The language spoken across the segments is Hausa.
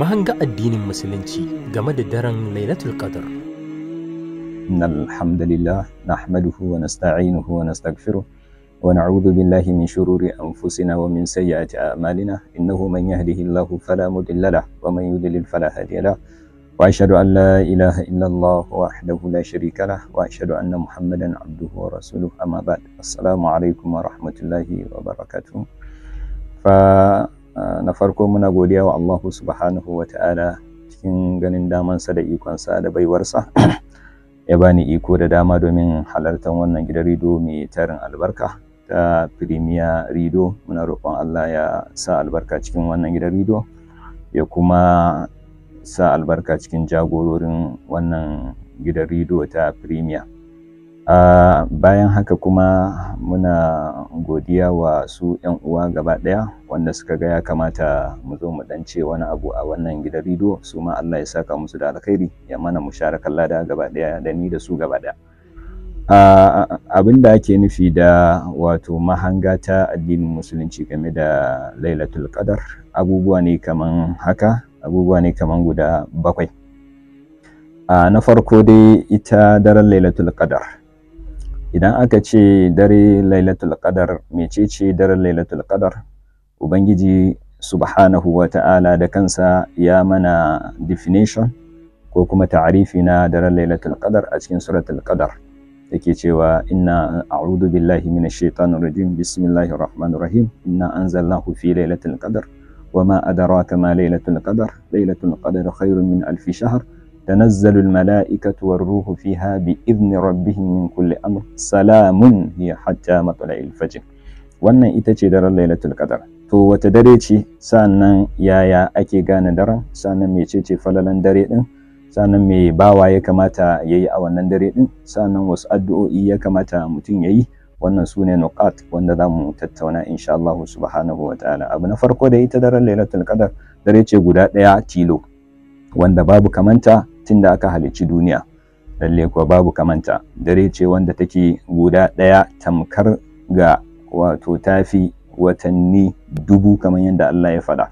mahanga addinin musulunci game da daren lailatul qadr innal hamdalillah nahmaduhu wa nasta'inuhu wa nastaghfiruh wa na'udhu billahi min shururi anfusina wa min sayyiati a'malina innahu man yahdihillahu fala mudilla lah wa man yudlil fala hadiya lah wa ashhadu an la ilaha illallah wahdahu la sharika lah wa ashhadu anna muhammadan abduhu wa rasuluh amma ba'd assalamu alaykum wa rahmatullahi wa barakatuh fa Ah, na farko muna godiya wa Allah subhanahu wa ta'ala cikin ganin damansa da ikonsa da baiwarsa ya bani iko da dama domin halartar wannan gidan rido mai tarin albarka ta Premier Rido muna roƙon Allah ya sa albarka cikin wannan gidan rido ya kuma sa albarka cikin jagororin wannan gidan rido ta Premier a bayan haka kuma muna godiya wa su 'yan uwa gaba ɗaya wanda suka ga ya kamata mu zo mu ɗance ce wani abu a wannan gidan rediyo su ma Allah ya saka musu da alkhairi ya mana mu share kallada gaba daya da ni da su gaba daya a abin da ake nufi da wato mahanga ta addinin musulunci game da lailatul qadar abubuwa ne kaman haka abubuwa ne kaman guda bakwai. a na farko dai ita daren lailatul qadar idan aka ce dare lailatul qadar mecece daren lailatul qadar ubangiji subhanahu wa ta'ala da kansa ya mana definition ko kuma ta'arifi na daren lailatul qadar a cikin suratul qadar yake cewa inna a'udhu billahi minash shaitanir rajim bismillahir rahmanir rahim inna anzalnahu fi lailatul qadar ma أدراك ما lailatul القدر lailatul القدر khairun min alfi شهر تنزل الملائكة والروح فيها بإذن ربهم من كل أمر سلام هي حتى مطلع الفجر wannan ita ce daren lailatul kadar. to wata dare ce sannan yaya ake gane daren sannan mecece falalan dare din sannan me bawa ya kamata yayi a wannan dare din sannan wasu addu'o'i ya kamata mutum yayi wannan su ne nuqat wanda za mu tattauna insha Allah subhanahu wa ta'ala abu na farko da ita daren lailatul kadar, dare ce guda ɗaya tilo wanda babu kamanta tun da aka halicci duniya lalle kuwa babu kamanta dare ce wanda take guda ɗaya tamkar ga wato tafi watanni dubu kamar yadda Allah ya faɗa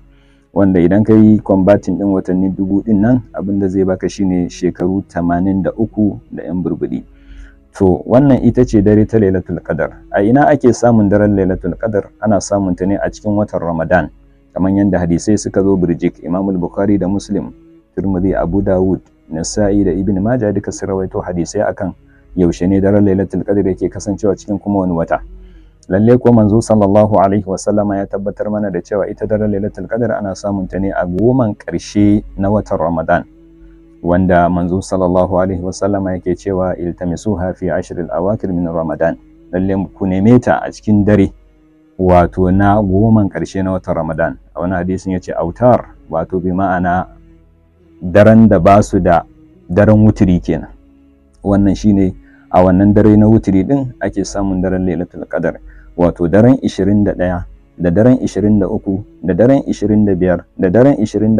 wanda idan ka yi kwambatin ɗin watanni dubu ɗin nan abinda zai baka shine shekaru 83 da 'yan burbuɗi to wannan ita ce dare ta lailatul qadar a ina ake samun daren lailatul qadar ana samun ta ne a cikin watan ramadan kamar yadda hadisai suka zo birjik imamul bukhari da muslim Tirmidhi Abu Dawud Nasa'i da Ibn Majah duka sun rawaito hadisai akan yaushe ne daren Lailatul Qadr yake kasancewa cikin kuma wani wata lalle kuwa manzo sallallahu alaihi wasallama ya tabbatar mana da cewa ita daren Lailatul Qadr ana samun ta ne a goman karshe na watan Ramadan wanda manzo sallallahu alaihi wasallama yake cewa iltamisuha fi ashril awakir min Ramadan lalle ku neme ta a cikin dare wato na goman karshe na watan Ramadan a wani hadisin yace autar wato bi ma'ana daren da ba su da daren wuturi kenan wannan shine a wannan dare na wuturi din ake samun daren lailatul qadar wato daren 21 da daren 23 da daren 25 da daren 27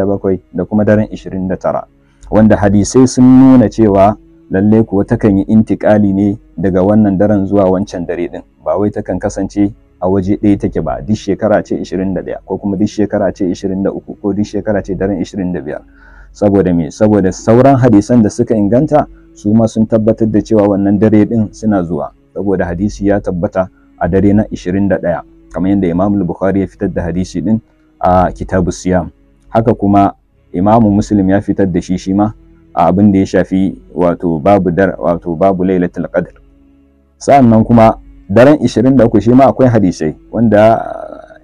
da kuma daren 29 wanda hadisai sun nuna cewa lalle kuwa takan yi intikali ne daga wannan daren zuwa wancan dare din ba wai takan kasance a waje ɗaya take ba duk shekara ce 21 ko kuma duk shekara ce 23 ko duk shekara ce daren 25 saboda me saboda sauran hadisan da suka inganta su ma sun tabbatar da cewa wannan dare din suna zuwa saboda hadisi ya tabbata a dare na 21 kamar yadda Imam al-Bukhari ya fitar da hadisi din a kitabus siyam haka kuma Imam Muslim ya fitar da shi shi ma a abin da ya shafi wato babu dar wato babu lailatul qadr sa'annan kuma daren 23 shi ma akwai hadisai wanda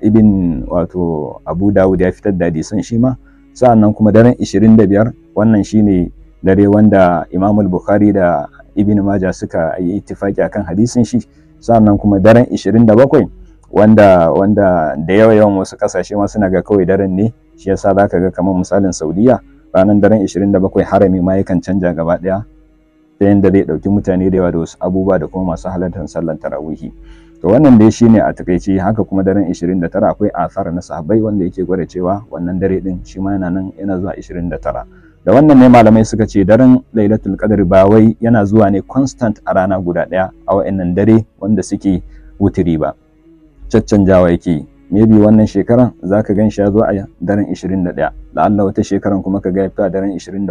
ibn wato Abu Dawud ya fitar da hadisan shi ma sa'annan kuma daren 25 wannan shine dare wanda Imam Bukhari da Ibn maja suka yi ittifaki akan hadisin shi sa'annan kuma daren 27 wanda wanda da yawa yawan wasu kasashe ma suna ga kawai daren ne shi yasa zaka ga kamar misalin Saudiya ranar daren 27 harami ma yakan canja gaba daya ta yadda zai ɗauki mutane da yawa da wasu abubuwa da kuma masu halartar sallar tarawihi to wannan dai shine a takaici haka kuma daren 29 akwai asara na sahabbai wanda yake gwada cewa wannan dare din shi ma yana nan yana zuwa 29 da wannan ne malamai suka ce daren lailatul qadr ba wai yana zuwa ne constant a rana guda daya a wayannan dare wanda suke wutiri ba caccanjawa yake maybe wannan shekaran zaka gan shi ya zo a daren 21 la'alla wata shekaran kuma ka ga ya fito daren 23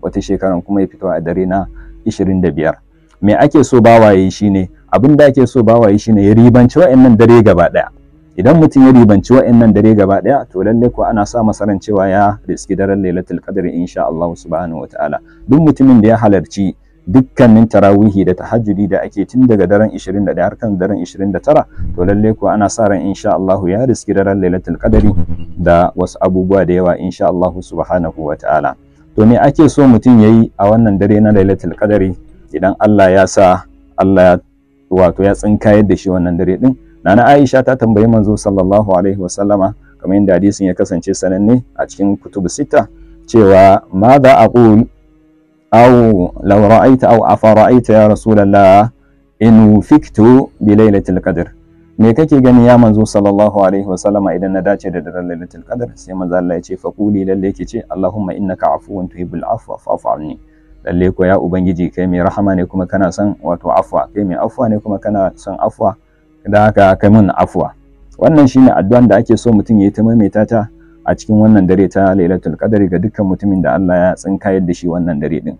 wata shekaran kuma ya fito a dare na 25 me ake so bawaye shine abin da ake so bawaye shine ya ribanci wa'annan dare gaba daya idan mutum ya ribanci wa'annan dare gaba daya to lalle ko ana sa masa ran cewa ya riski daren lailatul qadr insha Allah subhanahu wataala duk mutumin da ya halarci dukkanin tarawihi da tahajjudi da ake tun daga daren 21 har kan daren 29 to lalle ko ana sa ran insha Allah ya riski daren lailatul qadri da wasu abubuwa da yawa insha Allah subhanahu wataala to me ake so mutum yayi a wannan dare na lailatul qadri idan Allah ya sa Allah ya wato ya tsinkayar da shi wannan dare din nana aisha ta tambayi manzo sallallahu alaihi wasallama kamar yadda hadisin ya kasance sananne a cikin kutub sita cewa ma za a ƙul au law ra'aita aw afa ra'aita ya rasulullah in wufiktu bi lailatul qadr me kake gani ya manzo sallallahu alaihi wasallama idan na dace da daren lailatul qadr sai manzo Allah ya ce fa faquli lalle yake ce allahumma innaka afuwun tuhibbul afwa fa'fu anni lalle ko ya ubangiji kai mai rahama ne kuma kana son wato afwa kai mai afwa ne kuma kana son afwa da haka kai mun afwa wannan shine addu'an da ake so mutum ya yi ta maimaita ta a cikin wannan dare ta lailatul qadari ga dukkan mutumin da Allah ya tsinkayar da shi wannan dare din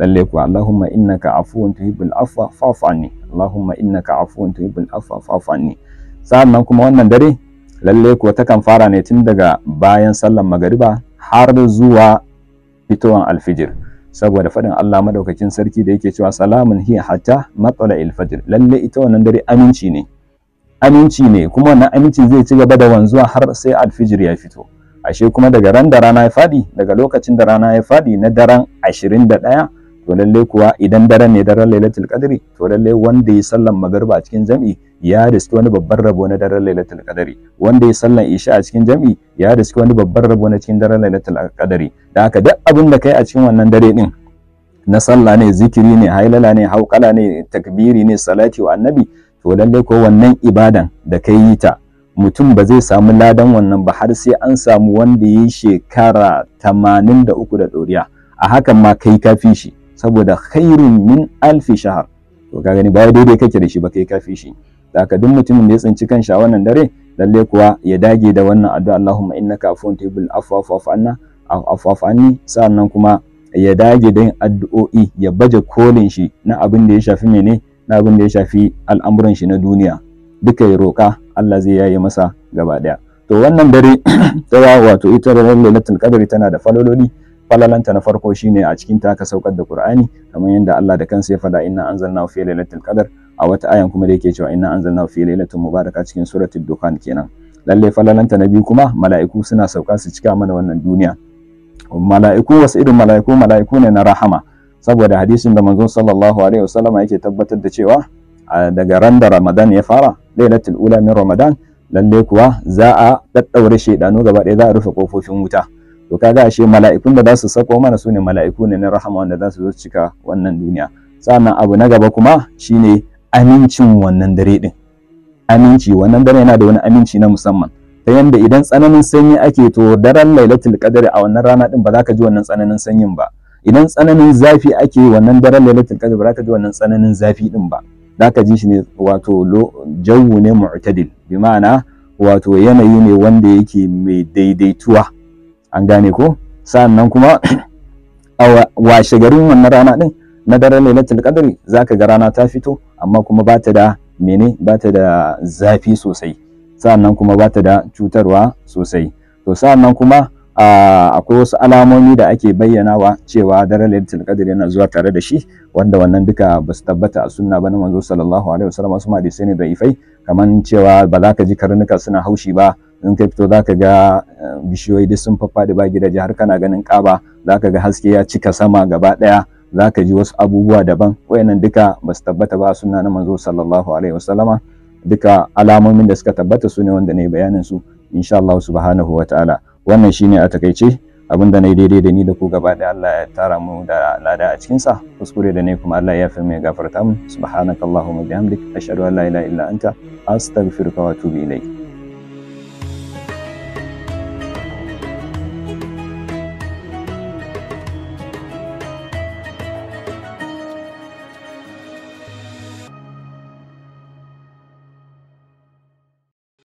lalle ko Allahumma innaka afuwun tuhibbul afwa fa'fu anni Allahumma innaka afuwun tuhibbul afwa fa'fu anni sannan kuma wannan dare lalle ko takan fara ne tun daga bayan sallar magariba har zuwa fitowar alfijir saboda faɗin Allah madaukakin sarki da yake cewa salamun hiya hatta matsala ilfajir lalle ita wannan dare aminci ne aminci ne kuma wannan aminci zai ci gaba da wanzuwa har sai alfijir ya fito ashe kuma daga ran da rana ya faɗi daga lokacin da rana ya faɗi na daren 21 to lalle kuwa idan daren ne daren lailatul qadri to lalle wanda ya sallan magariba cikin jami'i. ya riski wani babban rabo na daren lailatul qadari wanda ya sallan isha a cikin jami'i ya riski wani babban rabo na cikin daren lailatul qadari da haka duk abin da kai a cikin wannan dare din na sallah ne zikiri ne hailala ne hauƙala ne takbiri ne salati wa annabi to lalle ko wannan ibadan da kai yi ta mutum ba zai samu ladan wannan ba har sai an samu wanda yi shekara 83 da ɗoriya a hakan ma kai kafi shi saboda khairun min alfi shahar to ka gani ba daidai kake da shi ba kai kafi shi haka duk mutumin da ya tsinci kansa a wannan dare lalle kuwa ya dage da wannan addu'a Allahumma innaka afuwun tuhibbul afwa fa'fu anna afwa anni sannan kuma ya dage da yin addu'o'i ya baje kolin shi na abin da ya shafi mene na abin da ya shafi al'amuran shi na duniya duka ya roka Allah zai yaye masa gaba daya to wannan dare ta wato ita lailatul qadri tana da falololi falalanta na farko shine a cikin ta ka saukar da Qur'ani kamar yadda Allah da kansa ya faɗa inna anzalna fi lailatul qadri a wata ayan kuma da yake cewa inna anzalna fi lailatin mubaraka cikin suratul dukhan kenan lalle falalanta na biyu kuma mala'iku suna sauka su cika mana wannan duniya mala'iku wasu irin mala'iku mala'iku ne na rahama saboda hadisin da manzon sallallahu alaihi wasallama yake tabbatar da cewa daga ran da ramadan ya fara lailatul ula min ramadan lalle kuwa za a daddaure shedanu gaba ɗaya za a rufe kofofin wuta to kaga ashe mala'ikun da za su sako mana sune mala'iku ne na rahama wanda za su zo cika wannan duniya sannan abu na gaba kuma shine amincin wannan dare din aminci wannan dare yana da wani aminci na musamman ta yanda idan tsananin sanyi ake to daren lailatul qadri a wannan rana din ba za ka ji wannan tsananin sanyin ba idan tsananin zafi ake wannan daren lailatul qadri ba za ka ji wannan tsananin zafi din ba za ka ji shi ne wato jawu ne mu'tadil bi ma'ana wato yanayi ne wanda yake mai daidaituwa an gane ko sannan kuma a washe garin wannan rana din na daren lailatul za ka ga rana ta fito amma kuma ba ta da mene ba ta da zafi sosai sa'annan kuma ba ta da cutarwa sosai to sa'annan kuma akwai wasu alamomi da ake bayyanawa cewa daren lailatul kadir yana zuwa tare da shi wanda wannan duka ba su tabbata a sunna ba na manzo sallallahu alaihi wasallam wasu hadisai ne da ifai kaman cewa ba za ka ji karnuka suna haushi ba in to fito ka ga eh, bishiyoyi duk sun faffaɗi ba gidaje har kana ganin ƙaba Za ka ga haske ya cika sama gaba ɗaya zaka ji wasu abubuwa daban wayannan duka ba su tabbata ba suna na manzo sallallahu alaihi wasallama duka alamomin da suka tabbata su ne wanda na bayanin su insha Allah subhanahu wa ta'ala wannan shine a takaice abin da na yi daidai da ni da ku gaba da Allah ya tara mu da lada a cikin sa kuskure da ne kuma Allah ya yafi mai gafarta mu subhanakallahumma bihamdik ashhadu an la ilaha illa anta astaghfiruka wa atubu ilaik